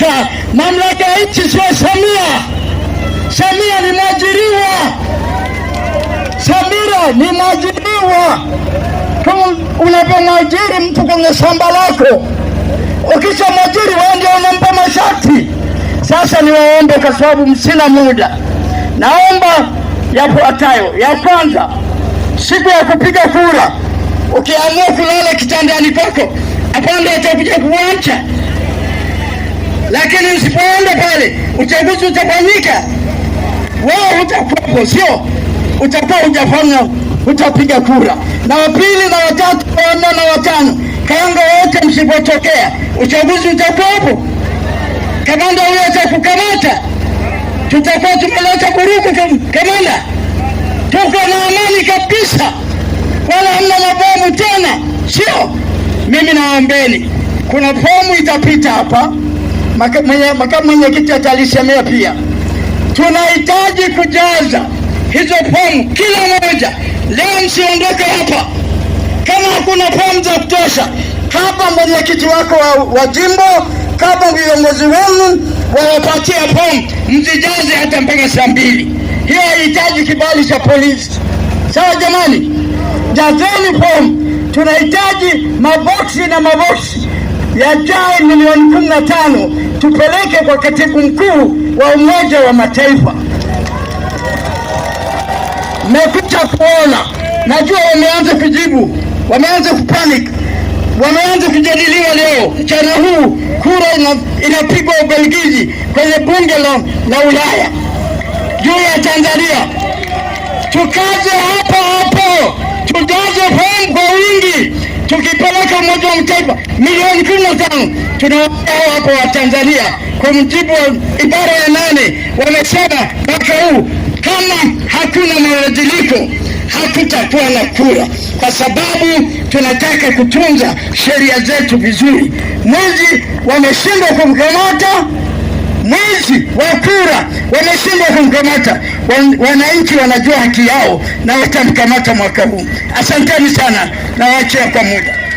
mamlaka. Mamlaka ya nchi sio Samia. Samia ni mwajiriwa, Samira ni mwajiriwa. Kama unapomwajiri mtu kwenye shamba lako, ukishamwajiri wewe ndio unampa mashati. Sasa niwaombe, kwa sababu msina muda, naomba yafuatayo. Ya kwanza, siku ya kupiga kura, ukiamua kulala kitandani kwako, apande atakuja kuwacha lakini usipoenda pale uchaguzi utafanyika, wewe hutakuwepo, sio utakuwa hujafanya, utapiga kura. Na wapili na watatu na wanne na watano, kanga wote msipotokea, uchaguzi utakuwepo. Kamanda huyo atakukamata, tutakuwa tumeleta kuruku Kamanda, tuko na amani kabisa, wala hamna mabomu tena, sio mimi. Naombeni, kuna fomu itapita hapa makamu mwenyekiti atalisemea pia. Tunahitaji kujaza hizo fomu kila moja. Leo msiondoke hapa kama hakuna fomu za kutosha. Hapa mwenyekiti wako wa, wa jimbo kama viongozi wenu wawapatia fomu mzijaze hata mpaka saa mbili. Hiyo haihitaji kibali cha polisi. Sawa jamani, jazeni fomu. Tunahitaji maboksi na maboksi yajae milioni kumi na tano tupeleke kwa katibu mkuu wa Umoja wa Mataifa. Mmekuja kuona, najua wameanza kujibu, wameanza kupanic, wameanza kujadiliwa. Leo mchana huu kura ina, inapigwa Ubelgiji kwenye bunge la, la Ulaya juu ya Tanzania tukaze wanawake umoja wa Mataifa milioni kumi na tano hao wako wa Tanzania kwa mjibu wa ibara ya nane, wamesema mwaka huu kama hakuna mabadiliko hatutakuwa na kura, kwa sababu tunataka kutunza sheria zetu vizuri. Mwizi wameshindwa kumkamata mwizi wa kura wameshindwa kumkamata. Wananchi wanajua haki yao na watamkamata mwaka huu. Asanteni sana, nawaachia kwa muda.